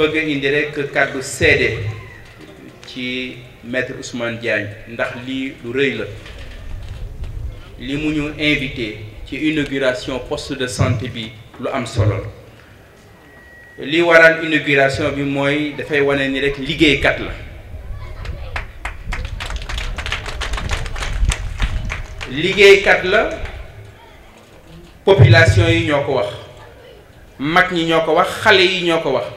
bëgg a indi rek kàddu seede ci maître Ousmane Diagne ndax lii lu rëy la li mu ñu invité ci inauguration poste de santé bi lu am solo li waral inauguration bi mooy dafay wane ni rek liggéeykat la liggéeykat la population yi ñoo ko wax mag ñi ñoo ko wax xale yi ñoo ko wax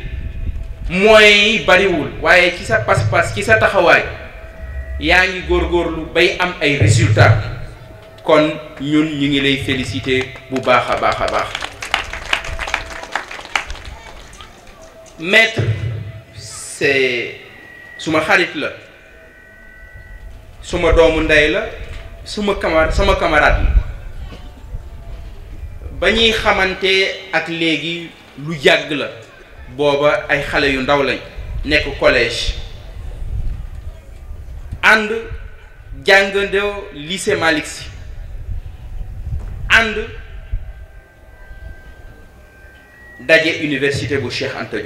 mooy bariwul waaye ci sa pas-pas ci sa taxawaay yaa ngi góor góorgóorlu bay am ay résultat kon ñun ñu ngi lay féliciter bu baax a baax a baax maître c'est suma xarit la suma doomu nday la suma camar sama camarade la ba ñuy xamante ak léegi lu yàgg la booba ay xale yu ndaw lañ nekk collège ànd jàngandoo lycée Malick Sy ànd daje université bu Cheikh Anta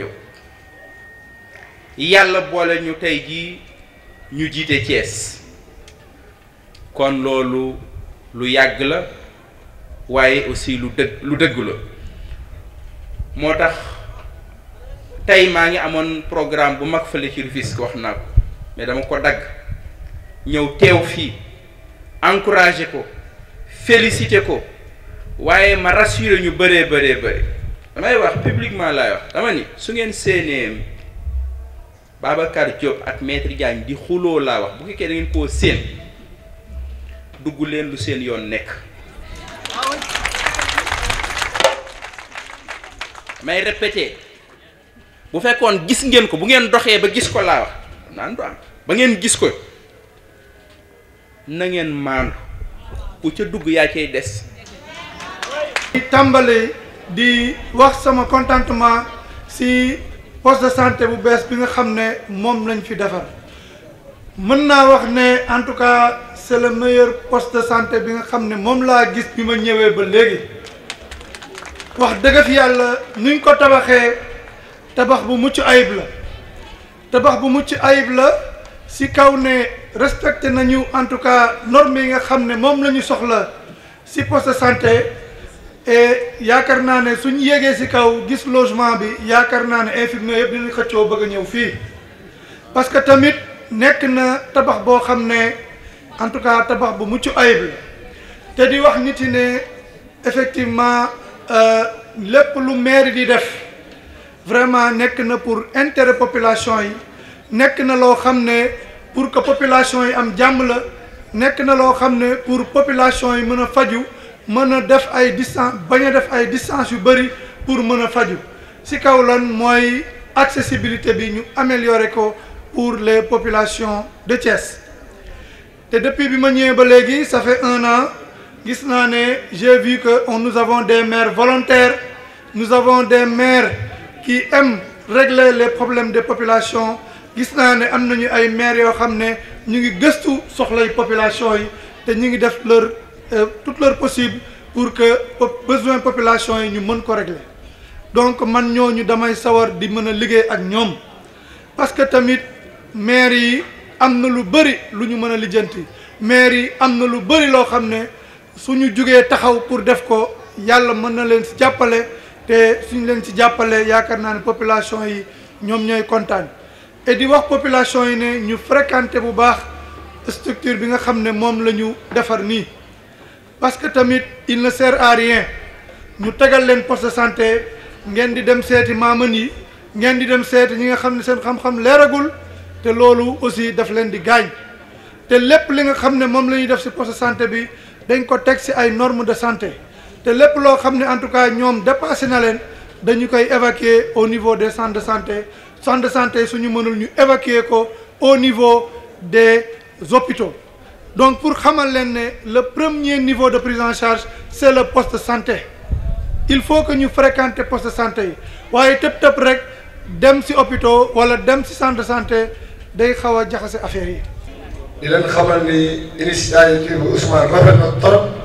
yàlla boole ñu tey jii ñu jiite Thiès kon loolu lu yàgg la waaye aussi lu dëgg lu dëgg la moo tax tey maa ngi amoon programme bu mag fële ci Rufisque wax naa ko mais dama ko dagg ñëw teew fii encouragé ko félicité ko waaye ma rassuré ñu bëree bëree bëri damay wax publiquement laay wax dama ni su ngeen séenee Babacar Diop ak maître Diagne di xuloo laa wax bu fekkee da koo séen dugg leen lu seen yoon nekk may répété bu fekkoon gis ngeen ko bu ngeen doxé ba gis ko la wax nan do am ba ngeen gis ko na ngeen man ku ca dugg ya cey dess di tambalé di wax sama contentement si poste de santé bu bes bi nga xamné mom lañ fi défar mën na wax né en tout cas c'est le meilleur poste de santé bi nga xamné mom la gis bima ñëwé ba légui wax deug fi yalla ñu ko tabaxé tabax bu mucc ayib la tabax bu mucc ayib la si kaw ne respecté nañu en tout cas norme yi nga xam ne lañu soxla si poste de santé et yaakar na ne suñu yégué si kaw gis logement bi yaakar na ne infirmier yëpp dinañ xëccoo bëgg ñëw fi parce que tamit nek na tabax bo xam ne en tout cas tabax bu mucc ayib la té di wax nit yi ne effectivement euh, lepp lu maire di def vraiment nous sommes pour intérêt population yi pour que population soit am jàmm la na pour population yi mën a faju sommes def ay distance baña def ay distance yu bari pour meuna a faju si kaw lan mooy accessibilité bi ñu améliorer ko pour les populations de Thiès depuis que ma ba ça fait un an gis j'ai vu que nous avons des maires volontaires nous avons des maires qui aime régler les problèmes des populations gis naa ne ay maires yoo xam ne ñu ngi gëstu soxlay population yi te ñu ngi def leur euh, tout leur possible pour que besoin population yi ñu mën ko régler donc man ñooñu damay sawar di mën a ak parce que tamit maires yi am na lu bëri lu ñu mën a lijjanti yi lu bëri lo xam suñu su taxaw pour def ko yalla mën na leen si te suñ leen ci jàppale yaakaar naa ne population yi ñoom ñooy kontaan et di wax population yi ne ñu fréquenter bu baax structure bi nga xam ne moom la ñu defar nii parce que tamit il ne sert à rien ñu tegal leen poste de santé ngeen di dem seeti maaman yi ngeen di dem seeti ñi nga xam ne seen xam-xam leeragul te loolu aussi daf leen di gaañ te lépp li nga xam ne moom la ñuy def ci poste de santé bi dañ ko teg ci ay normes de santé te lépp loo xam nous en tout cas ñoom dépassé na évacuer au niveau des centres de santé centres de santé suñu mënul ñu évacuer ko au niveau des hôpitaux donc pour xamal le premier niveau de prise en charge c'est le poste de santé il faut que nous fréquentions le poste de santé Mais tout tëp tëp rek dem ci hôpitaux wala dem ci centre de santé day xawa a jaxase affaire yi di len xamal ni initiative Ousmane rafet na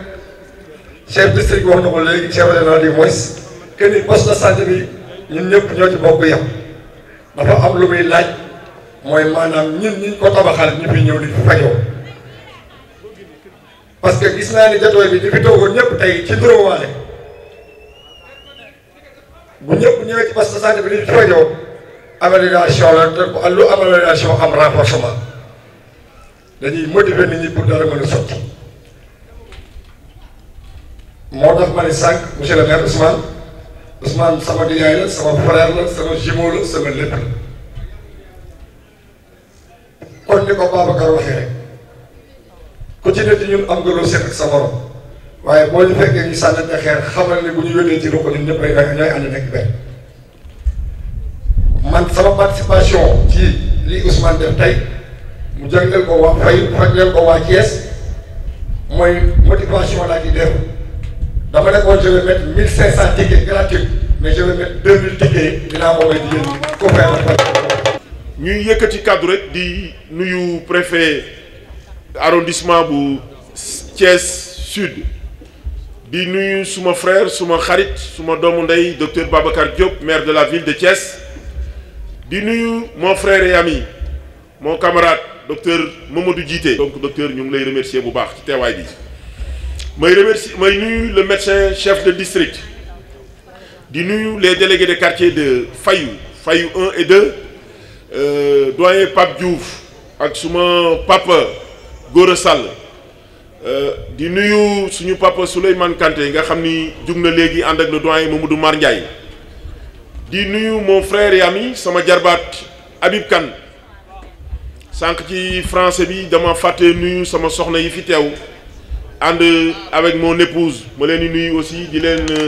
chef de district wax na ko léegi chef régional du moins que ni bi ñun ñëpp ñoo ci bokk yem dafa am lu ñu fi ñëw di fi fajoo parce que gis naa ni jotooy bi ñu fi toogoon ñëpp tey ci duróowaale bu ñëpp ñëwee ci poste de santé bi di fi fajoo amélioration la te lu amélioration am renforcement dañuy motiver nit ñi pour dara mën a sotti. moo tax ma ne sànq monsieur le maire Ousmane Ousmane sama nijaay la sama frère la sama jumeau la sama lépp la kon ni ko Babacar waxee rek ku ci nekk ñun am nga loo seet sa morom waaye boo ñu fekkee ñu sànnante xeer xamal ne bu ñu wénnee ci ruq ñun ñëpp ay ñooy ànd nekk benn man sama participation ci li Ousmane def tey mu jàngal ko waa Faye fajleel ko waa Thiès mooy motivation laa ci def je vais mettre 1500 tickets gratuits mais je vais mettre 2000 tickets Nous ko ko ñuy rek di préfet arrondissement de Thiès Sud di nuyu suma frère suma xarit suma doomu ndey docteur Babacar Diop maire de la ville de Thiès di nuyu mon frère et ami mon camarade docteur Mamadou Djité donc docteur ñu lay remercier je remercie le médecin chef de district Je nuyu les délégués de quartier de Fayou Fayou 1 et 2 euh, doyen Pape Diouf ak suma papa Gorossal. Je euh, di nuyu papa Souleymane Kanté qui est ni légui na ak le doyen Mamadou mon frère et ami sama jarbaat Habib Kane sànq ci français bi dama je nuyu sama soxna yi fi and avec mon épouse ma leen aussi di leen euh,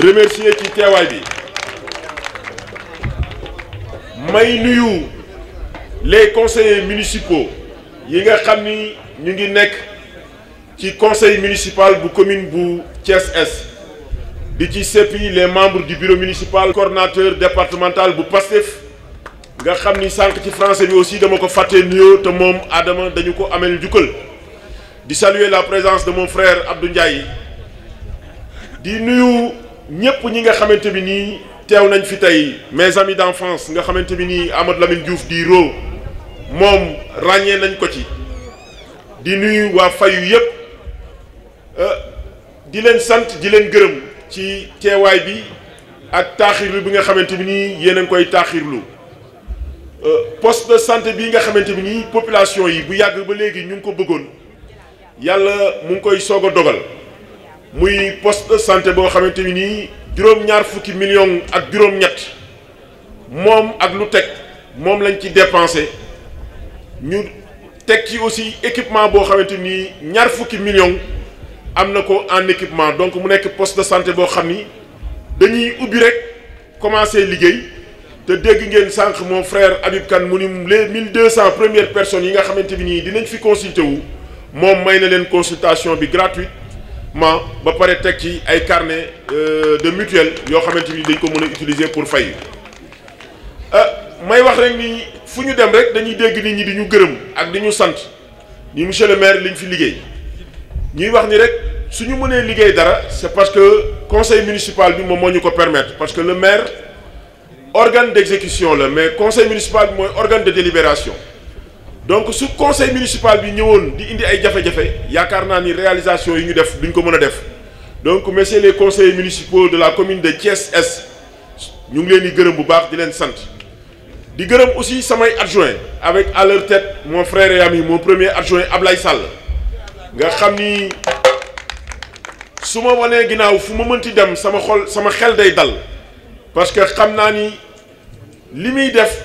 remercier ci teewaay bi may les conseillers municipaux yi nga xam ni ñu ngi nekk ci conseil municipal bu commune bu Thiès Est di ci les membres du bureau municipal coordonnateur départemental bu PASTEF nga xam ni ci français bi aussi dama ko fàttee nuyoo te moom Adama dañu ko amel di saluer la présence de mon frère Abdou Ndiaye di nuyu ñëpp ñi nga xamanteni ni nii nañ fi tay mes amis d'enfance nga xamanteni ni nii Lamine Diouf di Ro mom, ragné nañ ko ci di nuyu wa fayu euh di len sant di len gërëm ci téway bi ak taaxirlu bi nga xamanteni ni yéne a ngi euh poste de santé bi nga xamanteni ni population yi bu yàgg ba légui ñu ko yalla mu ngi koy soog a dogal muy poste de santé boo xamante ni nii juróom-ñaar fukki million ak juróom-ñett moom ak lu teg moom lañ ci dépensé ñu teg ci aussi équipement boo xamante ni ñaar fukki million am na ko en équipement donc mu nekk poste de santé boo xam ni dañuy ubbi rek commencé liggéey te dégg ngeen sànq mon frère Habib Kane mu ni les 1200 premières personnes yi nga xamante ni dinañ fi consulté wu je may consultation gratuite. mais ba ay carnet euh, de mutuelle dañ pour fay euh, may wax rek ni fuñu dem rek dañuy dégg nit ñi di ni monsieur le maire liñ fi ñuy dara c'est parce que conseil municipal bi permettre parce que le maire organe d'exécution le mais conseil municipal moy organe de délibération donc ce conseil municipal bi ñëwoon di indi ay jafé jafé yaakaar ni réalisation yi ñu def duñ ko mëna def donc messieurs les conseillers municipaux de la commune de Thiès S, ñu ngi leen di gërëm bu baax di leen sant di gërëm aussi samay adjoint avec à leur tête mon frère et ami mon premier adjoint Ablaye Sall nga xamni suma su ginaaw fu dem sama xol sama xel day dal parce que xamna ni def.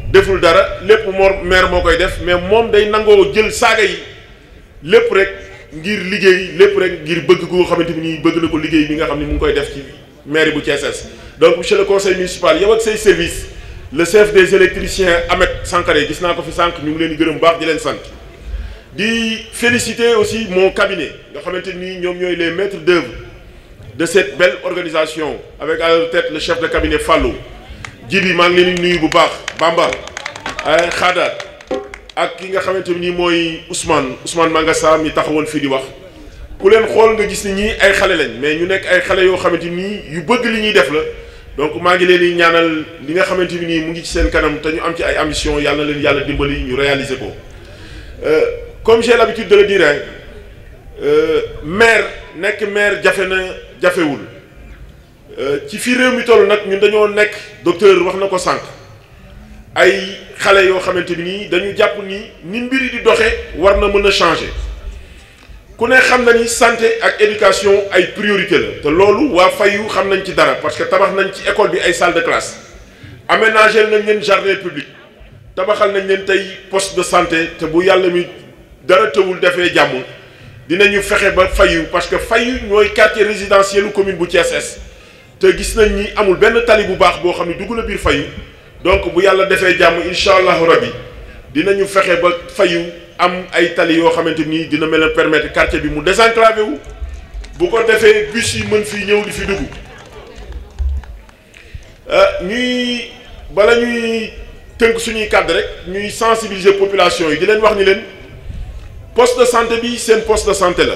deful dara lepp moor maire moo koy def mais mom day nango jël saaga yi lépp rek ngir liggéey lepp rek ngir bëgg ko xamanteni ni nii bëgg na ko liggéey bi nga xamni mu ngi koy def ci mairie bu Thiès donc monsieur le conseil municipal yow ak say service le chef des électriciens Ahmed Sankaré gis naa ko fi sank ñu ngi leen di gërëm baax di leen sant di féliciter aussi mon cabinet nga xamanteni ñom ñoy les maîtres d'œuvre de cette belle organisation avec à leur tête le chef de cabinet Fallou jibi maa ngi leen nuyu bu baax Bamba xaada eh, ak ki nga xamante ni nii mooy Ousmane Ousmane Mangassa mi taxawoon fii di wax ku leen xool nga gis ni ñii ay xale lañ mais ñu nekk ay xale yoo xamante nii yu bëgg li ñuy def la donc maa ngi leen yi ñaanal li nga xamante ni nii mu ngi ci seen kanam te ñu am ci ay ambition yàlla leen yàlla dimbali ñu réaliser ko euh, comme j'ai l'habitude de le dire euh, maire nekk maire jafe na jafewul Euh, ci fi réew mi toll nag ñun dañoo docteur wax santé. ko ay xale yoo dañu ni ni changer ku ne santé ak éducation ay priorité la te loolu waa fayu xam parce que tabax nañ école bi ay salle de classe aménagé nañ leen jardin public tabaxal nañ leen poste de santé te bu mi dara defee jàmm dinañu fexe ba parce que fayu ñooy quartier résidentiel commune bu te gis nañ ni amul benn tali bu baax boo xam ne dugg na biir fayu donc bu yàlla defee jàmm incha allahu rabi dinañu fexe ba fayu am ay tali yoo xamante ni dina mel permettre quartier bi mu désenclavé wu bu ko defee bus yi mën fii ñëw di fi dugg euh, ñuy bala ñuy tënk suñuy cadre rek ñuy sensibiliser population yi di leen wax ni leen poste de santé bi seen poste de santé la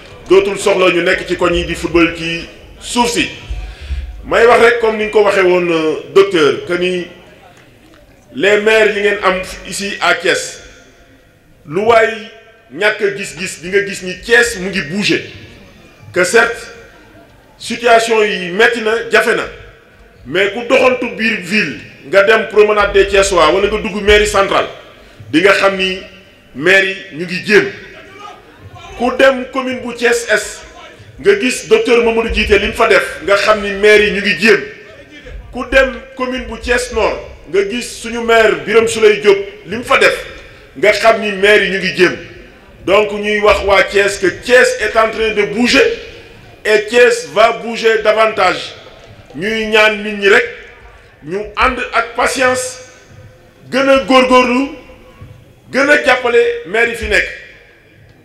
dootul soxla ñu nekk ci koñ yi di football ci suuf si may wax rek comme ni nga ko waxee woon euh, docteur que ni les maires yi ngeen am ici à Thiès lu waay ñàkk gis-gis di nga gis ni Thiès mu ngi bouger que certes situation yi metti na jafe na mais ku doxantu biir ville nga dem promenade des Thiessois wala nga dugg mairie centrale di nga xam ni maire yi ñu ngi jéem ku dem commune bu Thiès Est nga gis docteur Mamadou Djité lim fa def nga xamni maire yi ñu ngi jéem ku dem commune bu Thiès Nord nga gis suñu maire Birame Souleye Diop lim fa def nga xamni maire yi ñu ngi jéem donc ñuy wax wa Thiès que Thiès est en train de bouger et Thiès va bouger davantage ñuy ñaan nit ñi rek ñu and ak patience gën a góorgóorlu gën a maire fi nekk.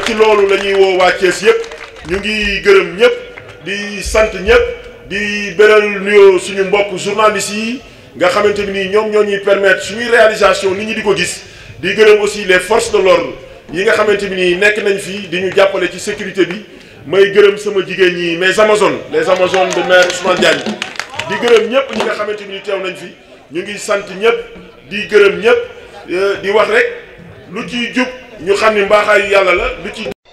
te ci loolu la ñuy woo waa Thiès yëpp ñu ngi gërëm ñëpp di sant ñëpp di beral nuyoo suñu mbokk journalistes yi nga xamante ni nii ñoom ñoo ñuy permettre suñuy réalisation nit ñi di ko gis di gërëm aussi les forces de l'ordre yi nga xamante ni nii nekk nañ fii di ñu jàppale ci sécurité bi may gërëm sama jigéen ñi mes amazones les amazones de maire Ousmane Diagne di gërëm ñëpp ñi nga xamante ni teew nañ fi ñu ngi sant ñëpp di gërëm ñëpp euh, di wax rek lu ci jub. ñu xam ni mbaaxaayu yàlla la biti